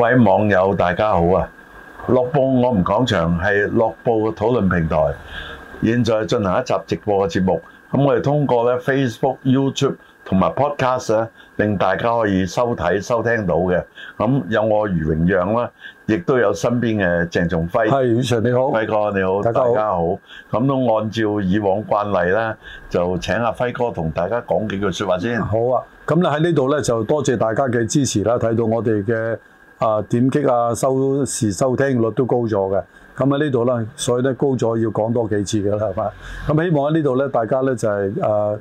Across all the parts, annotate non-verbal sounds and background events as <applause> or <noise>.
各位網友，大家好啊！樂報我哋講場係樂報嘅討論平台，現在進行一集直播嘅節目。咁我哋通過咧 Facebook、YouTube 同埋 Podcast 咧，令大家可以收睇收聽到嘅。咁有我余榮讓啦，亦都有身邊嘅鄭仲輝。係宇常你好，輝哥你好，大家好。咁都按照以往慣例啦，就請阿輝哥同大家講幾句説話先。好啊！咁咧喺呢度咧就多謝大家嘅支持啦。睇到我哋嘅。啊點擊啊收視收聽率都高咗嘅，咁喺呢度啦，所以咧高咗要講多幾次嘅啦，係嘛？咁希望喺呢度咧，大家咧就係誒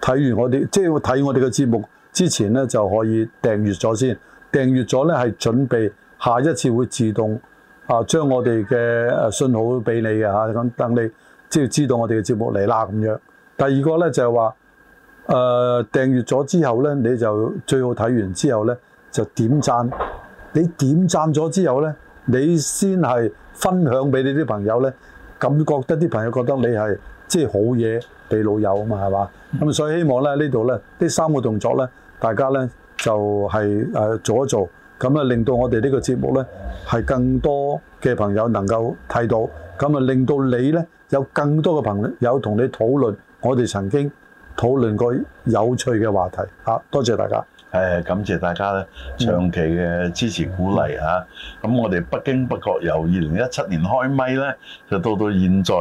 睇完我哋，即係睇我哋嘅節目之前咧就可以訂閱咗先，訂閱咗咧係準備下一次會自動啊將我哋嘅誒信號俾你嘅嚇，咁、啊、等你即係知道我哋嘅節目嚟啦咁樣。第二個咧就係話誒訂閱咗之後咧，你就最好睇完之後咧就點讚。你點贊咗之後呢，你先係分享俾你啲朋友呢。咁覺得啲朋友覺得你係即係好嘢嘅老友啊嘛，係嘛？咁所以希望呢呢度呢啲三個動作呢，大家呢就係、誒、做一做，咁啊令到我哋呢個節目呢係更多嘅朋友能夠睇到，咁啊令到你呢有更多嘅朋友同你討論我哋曾經討論過有趣嘅話題，啊，多謝大家。誒、哎、感謝大家咧長期嘅支持鼓勵嚇，咁、嗯、我哋不經不覺由二零一七年開咪咧，就到到現在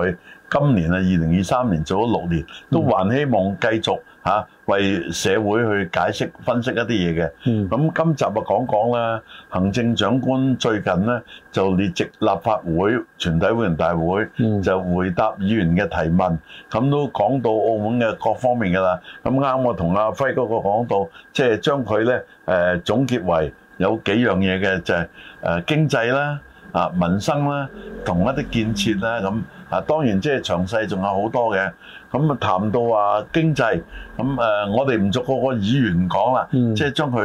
今年啊二零二三年做咗六年，都還希望繼續嚇。啊為社會去解釋分析一啲嘢嘅，咁今集啊講講啦，行政長官最近咧就列席立法會全體會員大會，就回答議員嘅提問，咁都講到澳門嘅各方面㗎啦。咁啱我同阿輝哥個講到，即係將佢咧誒總結為有幾樣嘢嘅，就係誒經濟啦、啊民生啦、同一啲建設啦咁。嗱、啊，當然即係詳細仲有好多嘅，咁啊談到話經濟，咁誒、呃、我哋唔逐個個議員講啦，嗯、即係將佢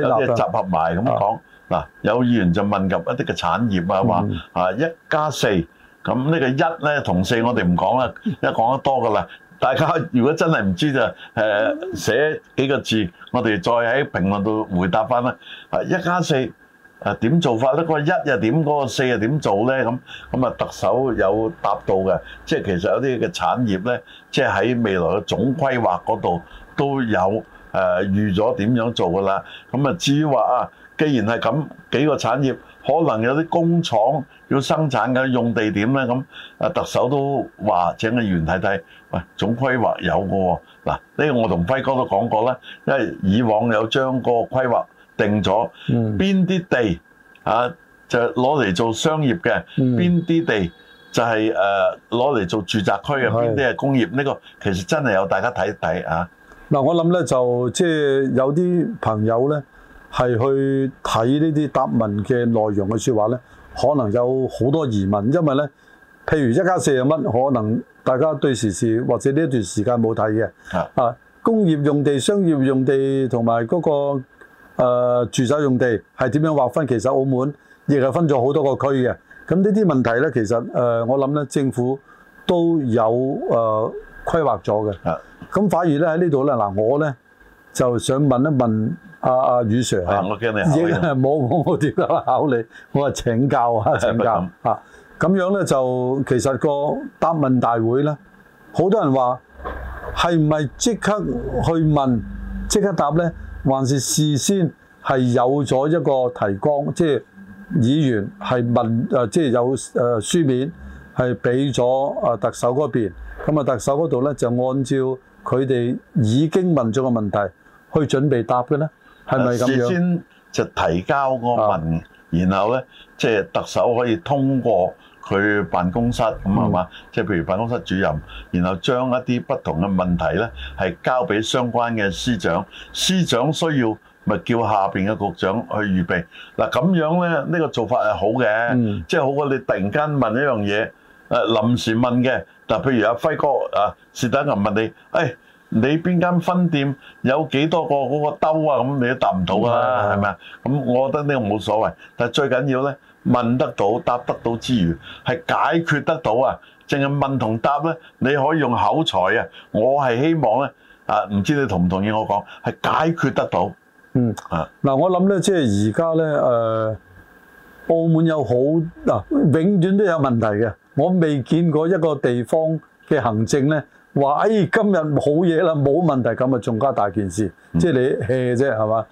有啲集合埋咁講。嗱，有議員就問及一啲嘅產業、嗯、啊，話啊一加四，咁呢個一咧同四我哋唔講啦，一講得多噶啦。大家如果真係唔知道就誒、呃、寫幾個字，我哋再喺評論度回答翻啦。啊一加四。誒點做法咧？嗰、嗰個一又點？嗰、嗰個四又點做咧？咁咁啊，特首有答到嘅，即係其實有啲嘅產業咧，即係喺未來嘅總規劃嗰度都有誒、呃、預咗點樣做噶啦。咁啊，至於話啊，既然係咁幾個產業，可能有啲工廠要生產嘅用地點咧，咁啊，特首都話請個員睇睇，喂，總規劃有㗎喎。嗱，呢個我同輝哥都講過啦，因為以往有將個規劃。定咗邊啲地、嗯、啊，就攞嚟做商業嘅；邊啲、嗯、地就係誒攞嚟做住宅區嘅。邊啲係工業呢？是的 個其實真係有，大家睇一睇啊！嗱、嗯，我諗呢，就即係、就是、有啲朋友呢，係去睇呢啲答問嘅內容嘅説話呢，可能有好多疑問，因為呢，譬如一加四係乜？可能大家對時事或者呢段時間冇睇嘅啊，工業用地、商業用地同埋嗰個。誒、呃，住宅用地係點樣劃分？其實澳門亦係分咗好多個區嘅。咁呢啲問題咧，其實誒、呃，我諗咧，政府都有誒、呃、規劃咗嘅。啊的，咁反而咧喺呢度咧，嗱，我咧就想問一問阿、啊、阿、啊、宇 Sir，啊也，我驚你冇冇冇點樣考慮？我係請教啊，請教嚇，咁的樣咧就其實個答問大會咧，好多人話係唔係即刻去問即刻答咧？還是事先係有咗一個提綱，即係議員係問，誒即係有誒書面係俾咗誒特首嗰邊，咁啊特首嗰度咧就按照佢哋已經問咗個問題去準備答嘅咧，係咪咁樣先就提交個問，然後咧即係特首可以通過。佢辦公室咁啊嘛，即係、就是、譬如辦公室主任，然後將一啲不同嘅問題呢係交俾相關嘅司長，司長需要咪叫下邊嘅局長去預備。嗱咁樣呢，呢、這個做法係好嘅，嗯、即係好過你突然間問一樣嘢，誒、呃、臨時問嘅。嗱，譬如阿輝哥啊，是但咁問你，誒、哎、你邊間分店有幾多個嗰、那個兜啊？咁你都答唔到啊，係咪啊？咁我覺得呢個冇所謂，但係最緊要呢。問得到、答得到之餘，係解決得到啊！淨係問同答咧，你可以用口才啊。我係希望咧，啊，唔知你同唔同意我講，係解決得到。嗯啊，嗱，我諗咧，即係而家咧，誒、呃，澳門有好嗱、啊，永遠都有問題嘅。我未見過一個地方嘅行政咧話，誒、哎，今日冇嘢啦，冇問題，咁啊，仲加大件事。嗯、即係你 hea 啫，係嘛？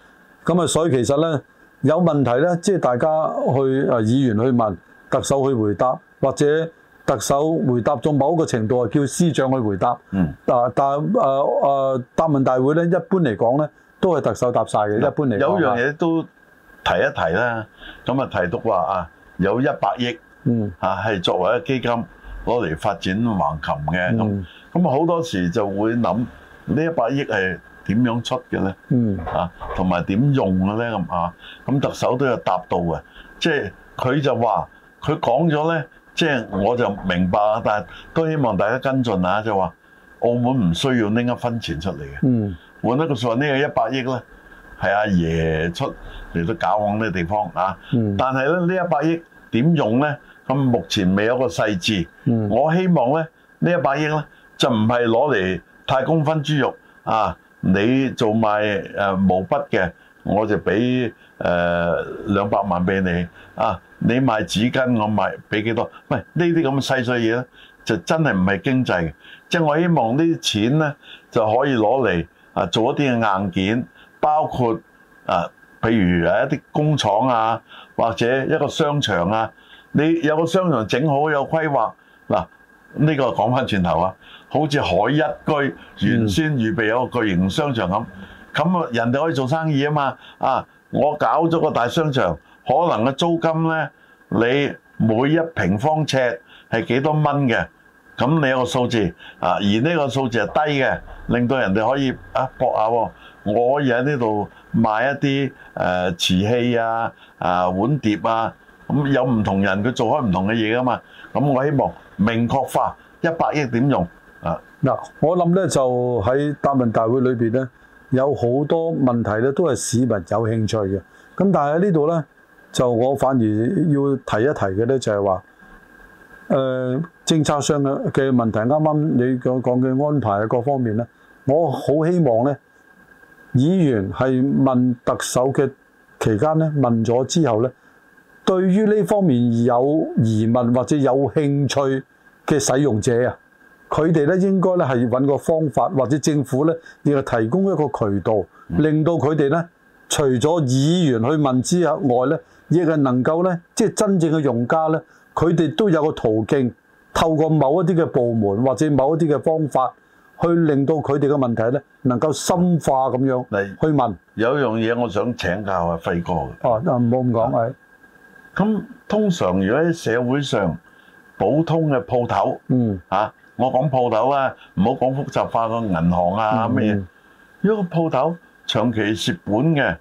咁啊，所以其實咧。有問題咧，即係大家去誒議員去問特首去回答，或者特首回答到某一個程度，叫司長去回答。嗯。但但誒誒答問大會咧，一般嚟講咧，都係特首答晒嘅。一般嚟講。有樣嘢都提一提啦。咁啊，提督話啊，有一百億。嗯。啊，係作為一個基金攞嚟發展橫琴嘅。嗯。咁咁好多時就會諗呢一百億係點樣出嘅咧？嗯啊，同埋點用嘅咧咁啊？咁特首都有答到嘅，即係佢就話佢講咗咧，即係、就是、我就明白啊。但係都希望大家跟進啊，就話澳門唔需要拎一分錢出嚟嘅。嗯，換一個數、這個、呢個一百億咧，係阿爺出嚟都搞往呢啲地方啊。嗯、但係咧呢一百、這個、億點用咧？咁目前未有一個細節。嗯、我希望咧呢一百、這個、億咧就唔係攞嚟太公分豬肉啊。你做賣誒毛筆嘅，我就俾誒兩百萬俾你啊！你賣紙巾，我賣俾幾多？唔係呢啲咁細碎嘢，就真係唔係經濟嘅。即係我希望呢啲錢咧，就可以攞嚟啊做一啲嘅硬件，包括啊，譬如一啲工廠啊，或者一個商場啊。你有個商場整好有規劃，嗱呢個講翻轉頭啊！好似海一居原先預備有個巨型商場咁，咁人哋可以做生意啊嘛啊！我搞咗個大商場，可能嘅租金呢，你每一平方尺係幾多蚊嘅？咁你有個數字啊？而呢個數字係低嘅，令到人哋可以啊搏下喎。我可以喺呢度賣一啲誒瓷器啊、啊碗碟啊，咁有唔同人佢做開唔同嘅嘢啊嘛。咁我希望明確化一百億點用。啊嗱，我諗咧就喺答問大會裏邊咧，有好多問題咧都係市民有興趣嘅。咁但係喺呢度咧，就我反而要提一提嘅咧就係話誒，政、呃、策上嘅嘅問題，啱啱你講講嘅安排嘅各方面咧，我好希望咧，議員係問特首嘅期間咧問咗之後咧，對於呢方面有疑問或者有興趣嘅使用者啊。佢哋咧應該咧係揾個方法，或者政府咧亦係提供一個渠道，令到佢哋咧除咗議員去問之外咧，亦係能夠咧即係真正嘅用家咧，佢哋都有個途徑，透過某一啲嘅部門或者某一啲嘅方法，去令到佢哋嘅問題咧能夠深化咁樣嚟去問。有一樣嘢我想請教阿、啊、輝哥嘅。哦，唔好咁講係。咁、啊、係通常如果喺社會上普通嘅鋪頭，嗯嚇。啊我講鋪頭啊，唔好講複雜化個銀行啊咩嘢。如果鋪頭長期蝕本嘅，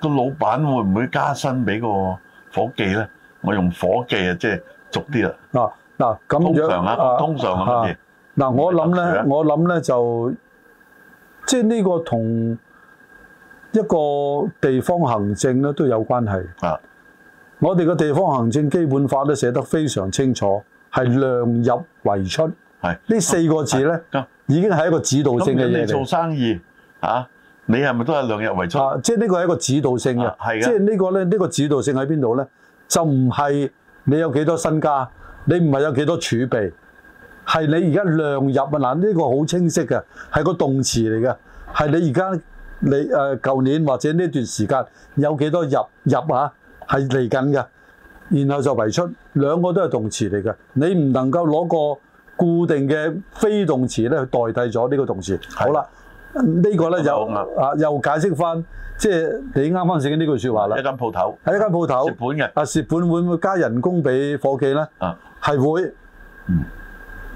個老闆會唔會加薪俾個伙計咧？我用伙計啊，即係俗啲啦。嗱嗱咁樣啊，通常啊通常乜嘢？嗱我諗咧，我諗咧就即係呢個同一個地方行政咧都有關係。啊，我哋嘅地方行政基本法都寫得非常清楚，係量入為出。係呢四個字咧，已經係一個指導性嘅嘢，做生意嚇，你係咪都係量入為出？啊，即係呢個係一個指導性嘅，係嘅。即係呢個咧，呢個指導性喺邊度咧？就唔係你有幾多身家，你唔係有幾多儲備，係你而家量入啊！嗱，呢個好清晰嘅，係個動詞嚟嘅，係你而家你誒舊年或者呢段時間有幾多入入嚇，係嚟緊嘅，然後就為出兩個都係動詞嚟嘅，你唔能夠攞個。固定嘅非動詞咧，去代替咗呢個動詞。好啦，呢個咧又啊又解釋翻，即係你啱翻先呢句説話啦。一間鋪頭喺一間鋪頭蝕本嘅啊，蝕本會唔會加人工俾伙計咧？啊，係會。嗯，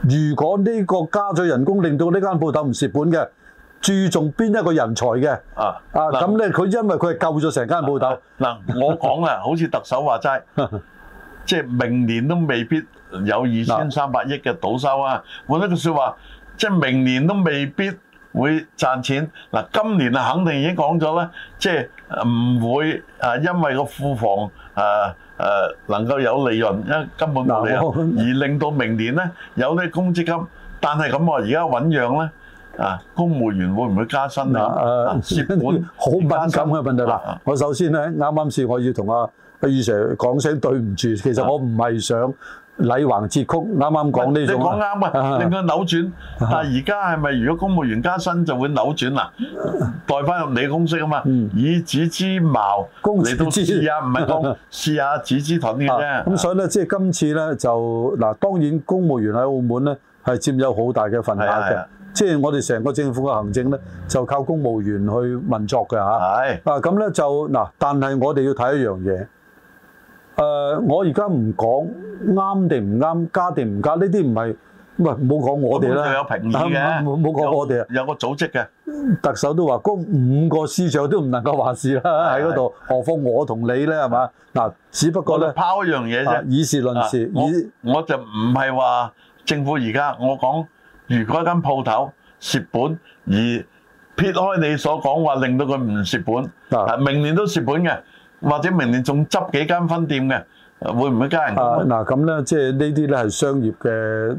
如果呢個加咗人工，令到呢間鋪頭唔蝕本嘅，注重邊一個人才嘅？啊啊，咁咧佢因為佢係救咗成間鋪頭。嗱，我講啊，好似特首話齋，即係明年都未必。有二千三百億嘅賭收啊！啊換一句説話，即、就、係、是、明年都未必會賺錢。嗱、啊，今年啊，肯定已經講咗啦，即係唔會啊，因為個庫房、啊啊、能夠有利潤，因為根本冇利潤、啊、而令到明年咧有啲公積金。但係咁話，而家醞釀咧啊，公務員會唔會加薪啊？蝕本好敏感嘅問題啦。啊啊、我首先咧啱啱試我要同阿阿余 Sir 講聲對唔住，其實我唔係想。啊啊禮橫節曲啱啱講呢種，你講啱啊，令佢扭轉。但係而家係咪如果公務員加薪就會扭轉啦？代翻入你公式啊嘛，以子之矛攻子之盾啊，唔係講試下子之盾嘅啫。咁所以咧，即係今次咧就嗱，當然公務員喺澳門咧係佔有好大嘅份額嘅。即係我哋成個政府嘅行政咧就靠公務員去運作嘅吓。係啊咁咧就嗱，但係我哋要睇一樣嘢。誒、呃，我而家唔講啱定唔啱，加定唔加，呢啲唔係唔係冇講我哋啦。有平等嘅，冇冇講我哋啊！有個組織嘅，特首都話嗰五個司長都唔能夠話事啦喺嗰度，何況我同你咧係嘛？嗱、啊，只不過咧，拋一樣嘢啫、啊，以事論事。啊、我我就唔係話政府而家，我講如果間鋪頭蝕本，而撇開你所講話，令到佢唔蝕本、啊，明年都蝕本嘅。或者明年仲執幾間分店嘅，會唔會加人？嗱，咁咧，即係呢啲咧係商業嘅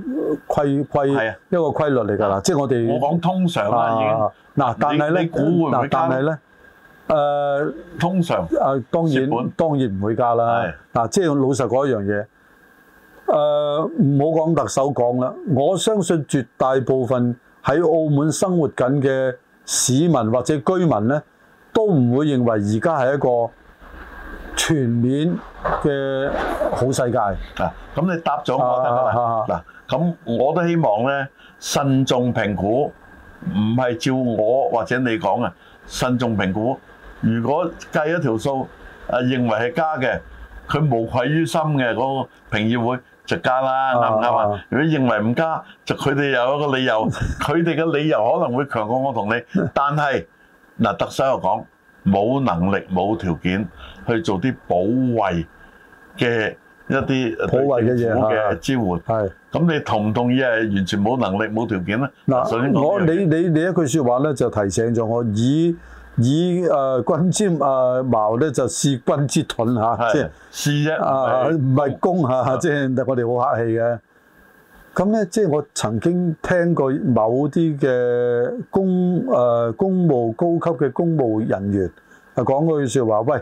規規、啊、一個規律嚟㗎啦。即係、啊、我哋我講通常啦，嗱、啊，但係咧，嗱，但係咧，誒、呃，通常誒、啊，當然本當然唔會加啦。嗱、啊，即係老實講一樣嘢，誒、呃，唔好講特首講啦。我相信絕大部分喺澳門生活緊嘅市民或者居民咧，都唔會認為而家係一個。全面嘅好世界啊！咁你答咗我得啦。嗱，咁我都希望咧慎重評估，唔係照我或者你講啊。慎重評估，如果計一條數啊，認為係加嘅，佢無愧於心嘅嗰個評議會就加啦，啱唔啱啊？如果認為唔加，就佢哋有一個理由，佢哋嘅理由可能會強過我同你。但係嗱，特首又講冇能力、冇條件。去做啲保衛嘅一啲保衛嘅嘢嘅支援，係咁的你同唔同意係的完全冇能力冇條件咧？嗱、啊，我你你你一句説話咧就提醒咗我以，以以誒、呃、君之誒矛咧就試君之盾嚇，即係試啫，啊唔係攻嚇，即係公、啊、我哋好客氣嘅。咁咧即係我曾經聽過某啲嘅公誒公務高級嘅公務人員係講句説話，喂！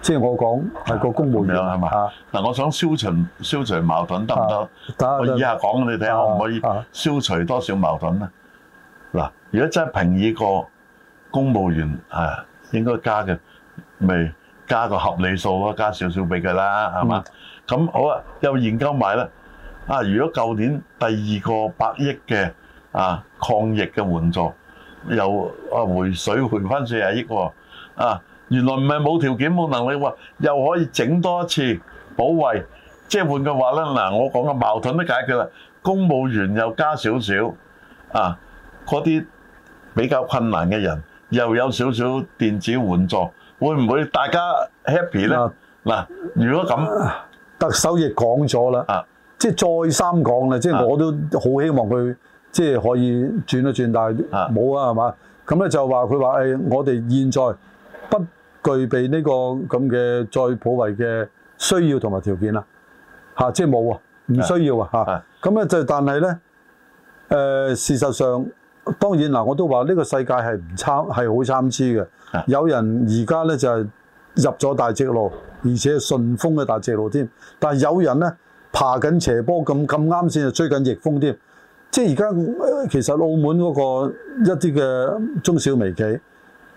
即係我講係個公務員係嘛？嗱、啊，啊、我想消除消除矛盾得唔得？行不行啊、我以下講、啊、你睇下可唔可以消除多少矛盾咧？嗱、啊，啊、如果真係評議個公務員係、啊、應該加嘅，咪、啊、加，加個合理數咯，加少少俾佢啦，係嘛？咁、嗯、好啊，又研究埋啦。啊，如果舊年第二個百億嘅啊抗疫嘅援助又啊回水回翻四十啊億喎啊！啊原來唔係冇條件冇能力，又可以整多一次保衛，即係換句話咧嗱，我講嘅矛盾都解決啦。公務員又加少少，啊，嗰啲比較困難嘅人又有少少電子援助，會唔會大家 happy 咧？嗱、啊，如果咁，特首亦講咗啦，即係再三講啦，即係我都好希望佢即係可以轉一轉，但係冇啊，係嘛？咁咧、啊、就話佢話誒，我哋現在不具備呢個咁嘅再普惠嘅需要同埋條件啦，嚇、啊，即係冇啊，唔需要啊，嚇、啊，咁咧就但係咧，誒、呃、事實上當然嗱，我都話呢個世界係唔參係好參差嘅，的啊、有人而家咧就係、是、入咗大直路，而且順風嘅大直路添，但係有人咧爬緊斜坡咁咁啱先，這麼這麼追緊逆風添，即係而家其實澳門嗰個一啲嘅中小微企。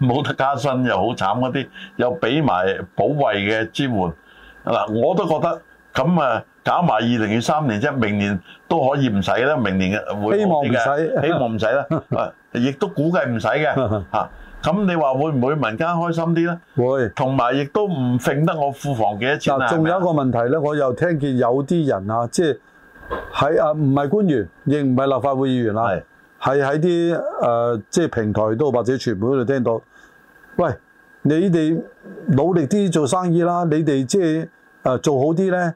冇得加薪又好慘嗰啲，又俾埋保衛嘅支援。嗱、啊，我都覺得咁啊，搞埋二零二三年即係明年都可以唔使啦。明年嘅會希望唔使，希望唔使啦。亦、 <laughs> 啊、都估計唔使嘅嚇。咁你話會唔會民間開心啲咧？會，同埋亦都唔揈得我庫房幾多錢仲、啊、有一個問題咧，是是我又聽見有啲人啊，即係喺啊，唔係官員，亦唔係立法會議員啦。係喺啲誒，即係平台度或者傳媒度聽到，喂，你哋努力啲做生意啦，你哋即係誒、呃、做好啲咧，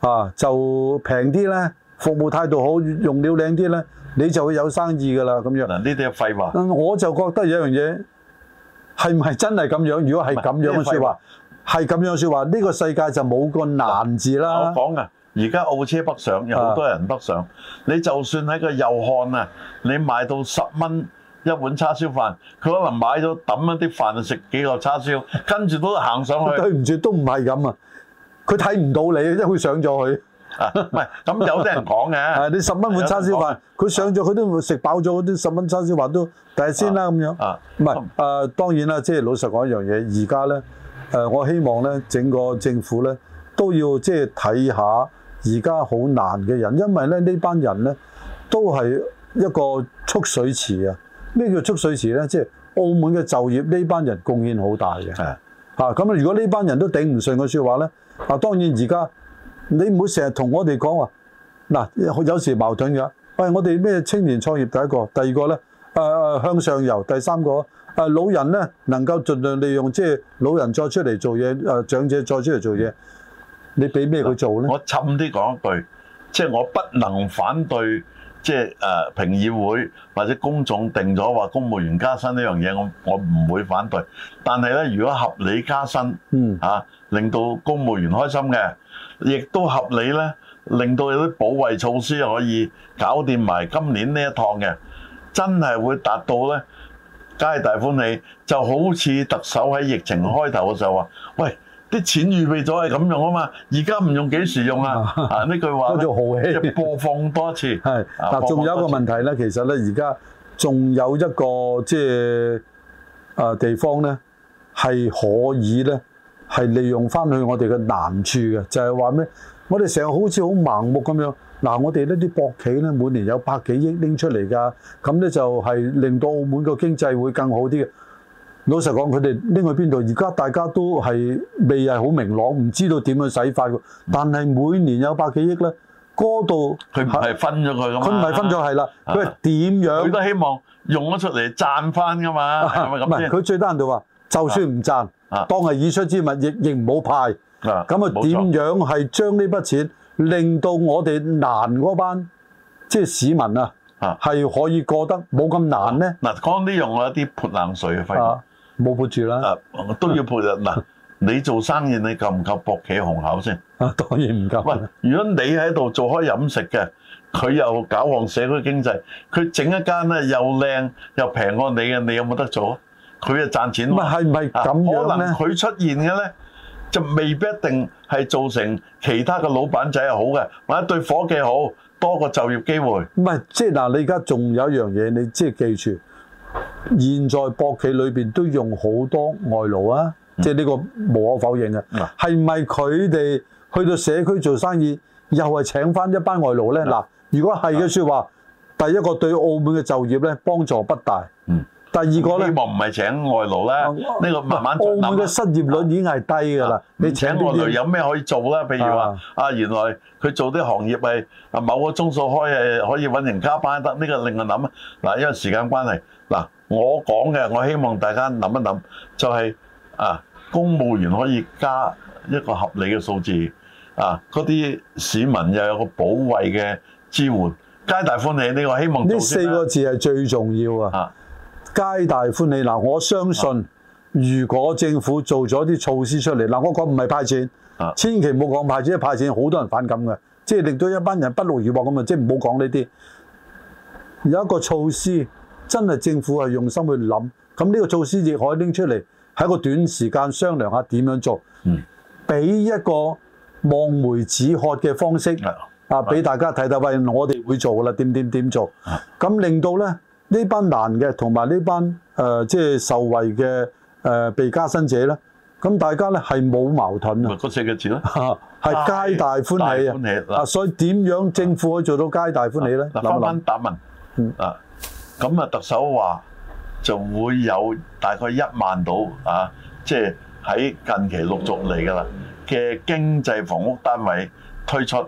啊就平啲咧，服務態度好，用料靚啲咧，你就會有生意噶啦咁樣。嗱，呢啲係廢話。我就覺得有樣嘢係唔係真係咁樣？如果係咁樣說話，係咁樣說話，呢、呢個世界就冇個難字啦。我講噶。而家澳車北上，有好多人北上。啊、你就算喺個右岸啊，你買到十蚊一碗叉燒飯，佢可能買咗揼一啲飯就食幾嚿叉燒，跟住都行上去。對唔住，都唔係咁啊！佢睇唔到你，因為佢上咗去。唔係咁有啲人講嘅。係 <laughs> 你十蚊碗叉燒飯，佢上咗佢都會食飽咗嗰啲十蚊叉燒飯都，但係先啦咁樣啊啊。啊，唔係啊，當然啦，即係老實講一樣嘢，而家咧誒，我希望咧整個政府咧都要即係睇下。而家好難嘅人，因為咧呢班人呢都係一個蓄水池啊！咩叫蓄水池呢，即係澳門嘅就業呢班人貢獻好大嘅。係啊，咁啊，如果呢班人都頂唔順嘅說話呢，啊當然而家你唔好成日同我哋講話，嗱，有時矛盾嘅。喂，我哋咩青年創業第一個，第二個呢，誒向上遊，第三個誒老人呢能夠盡量利用，即係老人再出嚟做嘢，誒長者再出嚟做嘢。你俾咩佢做呢？我氹啲講一句，即係我不能反對，即係誒評議會或者公眾定咗話公務員加薪呢樣嘢，我我唔會反對。但係呢，如果合理加薪，嗯嚇，令到公務員開心嘅，亦都合理呢，令到有啲保衞措施可以搞掂埋今年呢一趟嘅，真係會達到呢皆大歡喜，就好似特首喺疫情開頭嘅時候話，喂。啲錢預備咗係咁用啊嘛，而家唔用幾時用啊？呢句話叫豪氣，播放多次。係嗱是，仲有一個問題咧，其實咧，而家仲有一個即係啊地方咧，係可以咧，係利用翻去我哋嘅難處嘅，就係話咩？我哋成日好似好盲目咁樣。嗱、啊，我哋呢啲博企咧，每年有百幾億拎出嚟㗎，咁咧就係令到澳門個經濟會更好啲嘅。老實講，佢哋拎去邊度？而家大家都係未係好明朗，唔知道點樣使法。但係每年有百幾億咧，嗰度佢係分咗佢咁。佢唔係分咗，係啦、啊，佢點樣？佢都希望用咗出嚟賺翻㗎嘛。唔佢、啊的啊、最得人就話，就算唔賺，啊、當係已出之物，亦亦冇派。咁啊，點樣係錯將呢筆錢令到我哋難嗰班即係市民啊，係、啊、可以過得冇咁難咧？嗱、啊啊，講啲用咗一啲潑冷水嘅。啊冇抱住啦，啊都要抱嘅，嗱， <laughs> 你做生意你夠唔夠搏企紅口先？啊當然唔夠。喂，如果你喺度做開飲食嘅，佢又搞旺社區經濟，佢整一間咧又靚又平過你嘅，你有冇得做他賺？啊，佢啊賺錢。唔係唔係咁樣，可能佢出現嘅咧，就未必一定係造成其他嘅老闆仔係好嘅，或者對伙計好，多個就業機會。唔係，即係嗱，你而家仲有一樣嘢，你即係記住。現在博企裏邊都用好多外勞啊，即係呢個無可否認啊，係咪佢哋去到社區做生意又係請翻一班外勞呢？嗱、嗯，如果係嘅說話，嗯、第一個對澳門嘅就業呢，幫助不大。嗯。第二個咧，希望唔係請外勞咧，呢、啊、個慢慢諗。咁嘅、啊、失業率已經係低㗎啦。啊、你請，請外勞有咩可以做咧？譬如話，啊，啊原來佢做啲行業係啊某個鐘數開係可以揾人加班得。呢、這個另外諗嗱，因為時間關係嗱、啊，我講嘅，我希望大家諗一諗，就係、是、啊，公務員可以加一個合理嘅數字啊，嗰啲市民又有個保衛嘅支援，皆大歡喜、這個。呢個希望。呢四個字係最重要啊！皆大歡喜嗱，我相信如果政府做咗啲措施出嚟嗱、啊，我講唔係派錢，千祈唔好講派錢，派錢好多人反感嘅，即係令到一班人不勞而獲咁啊！即係唔好講呢啲，有一個措施真係政府係用心去諗，咁呢個措施亦可以拎出嚟，喺個短時間商量下點樣做，嗯，俾一個望梅止渴嘅方式啊，俾大家睇睇喂，說我哋會做㗎啦，點點點做，咁令到呢。呢班難嘅同埋呢班誒即係受惠嘅誒、呃、被加薪者咧，咁大家咧係冇矛盾啊！嗰四個字咧，係皆 <laughs> 大歡喜啊！歡喜啊！所以點樣政府可以做到皆大歡喜咧？諗翻答問，啊，咁啊特首話就會有大概一萬到，啊，即係喺近期陸續嚟噶啦嘅經濟房屋單位推出。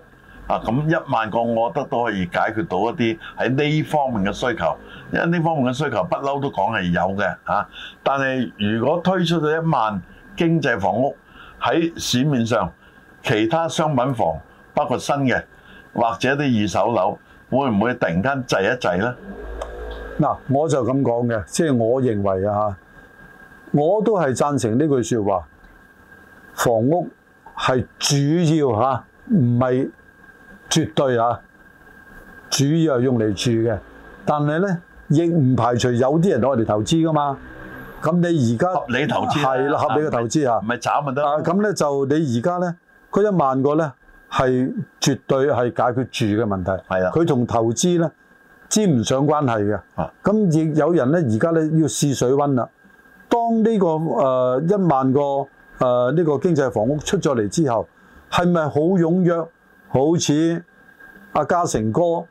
啊！咁一萬個，我覺得都可以解決到一啲喺呢方面嘅需求，因為呢方面嘅需求不嬲都講係有嘅嚇、啊。但係如果推出咗一萬經濟房屋喺市面上，其他商品房包括新嘅或者啲二手樓，會唔會突然間滯一滯呢？嗱、啊，我就咁講嘅，即、就、係、是、我認為啊，我都係贊成呢句説話，房屋係主要嚇，唔、啊、係。不是絕對啊，主要係用嚟住嘅，但係咧亦唔排除有啲人攞嚟投資噶嘛。咁你而家合理投資係啦，合理嘅投資嚇，唔係炒咪得？咁咧、啊、就你而家咧嗰一萬個咧係絕對係解決住嘅問題。係啦的，佢同投資咧沾唔上關係嘅。咁亦、啊、有人咧而家咧要試水溫啦。當呢、呢個誒、呃、一萬個誒呢、呃呢個經濟房屋出咗嚟之後，係咪好踴躍？好似阿嘉誠哥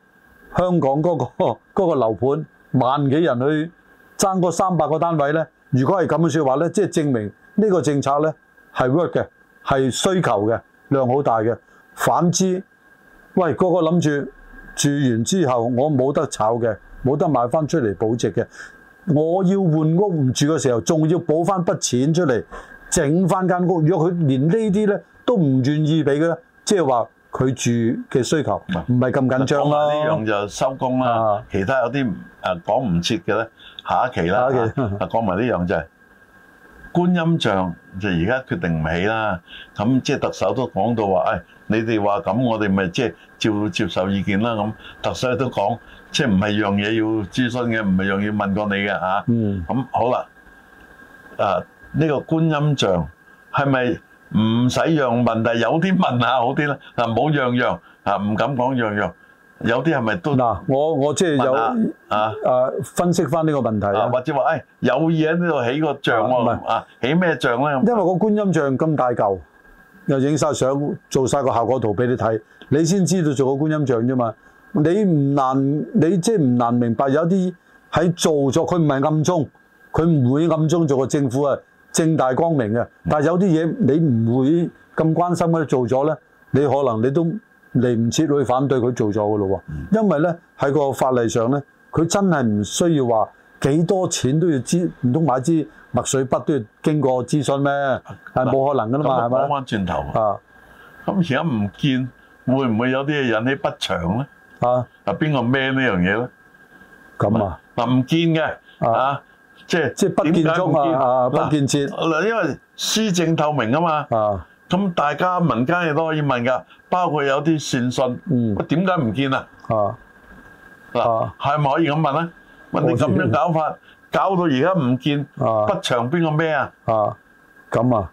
香港嗰個嗰個樓盤，萬幾人去爭嗰三百個單位呢？如果係咁嘅說話呢，即係證明呢個政策呢係 work 嘅，係需求嘅量好大嘅。反之，喂，個個諗住住完之後，我冇得炒嘅，冇得買翻出嚟保值嘅，我要換屋唔住嘅時候，仲要補翻筆錢出嚟整翻間屋。如果佢連呢啲呢都唔願意俾嘅，即係話。佢住嘅需求唔係咁緊張啦。講埋呢樣就收工啦。啊、其他有啲誒講唔切嘅咧，下一期啦。下一期啊，講埋呢樣就係、是、觀音像就而家決定唔起啦。咁即係特首都講到話誒、哎，你哋話咁，我哋咪即係照接受意見啦。咁特首都講即係唔係樣嘢要諮詢嘅，唔係樣嘢要問過你嘅吓，啊、嗯。咁好啦，誒、啊、呢、呢個觀音像係咪？是唔使讓問題，但有啲問下好啲啦。唔、啊、好樣樣啊，唔敢講樣樣。有啲係咪都、啊、我我即係有啊啊！分析翻呢個問題、啊、或者話誒、哎、有嘢喺呢度起個像啊，啊！起咩像咧？因為個觀音像咁大舊，又影晒相，做晒個效果圖俾你睇，你先知道做個觀音像啫嘛。你唔難，你即係唔難明白，有啲喺做作，佢唔係暗中，佢唔會暗中做個政府啊。正大光明嘅，但係有啲嘢你唔會咁關心咧，做咗咧，你可能你都嚟唔切去反對佢做咗噶咯喎，因為咧喺個法例上咧，佢真係唔需要話幾多錢都要諮，唔通買支墨水筆都要經過諮詢咩？係冇、啊、可能噶啦嘛，係嘛？講翻轉頭啊，咁而家唔見，會唔會有啲嘢引起不祥咧？啊，嗱邊個孭呢樣嘢咧？咁啊，嗱唔見嘅啊。即係即係不建足不建設嗱，因為施政透明啊嘛，咁大家民間亦都可以問噶，包括有啲善信，點解唔見啊？嗱，係咪可以咁問咧？問你咁樣搞法，搞到而家唔見不長邊個咩啊？啊，咁啊，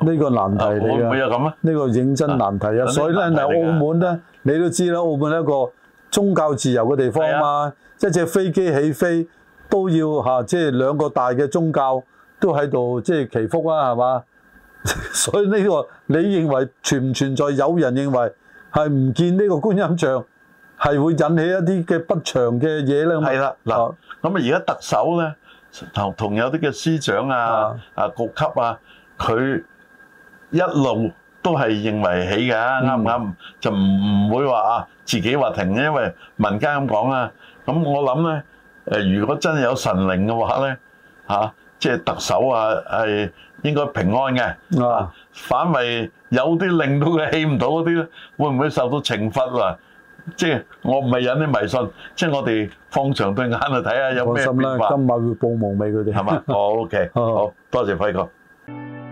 呢個難題嚟嘅，呢個認真難題啊！所以咧，嗱，澳門咧，你都知啦，澳門一個宗教自由嘅地方嘛，即隻飛機起飛。都要吓，即係兩個大嘅宗教都喺度即係祈福啦，係嘛？所以呢個你認為存唔存在？有人認為係唔見呢個觀音像係會引起一啲嘅不祥嘅嘢咧？係啦，嗱，咁啊，而家特首咧同同有啲嘅司長啊、啊局級啊，佢一路都係認為起嘅，啱唔啱？就唔唔會話啊自己話停，因為民間咁講啦。咁我諗咧。誒，如果真係有神靈嘅話咧，嚇、啊，即係特首啊，係應該平安嘅啊，反為有啲令到佢起唔到嗰啲咧，會唔會受到懲罰啊？即係我唔係引啲迷信，即係我哋放長對眼去睇下有冇變化。放心啦，今晚會報夢俾佢哋。係 <laughs> 嘛、oh,，OK， <laughs> 好多謝輝哥。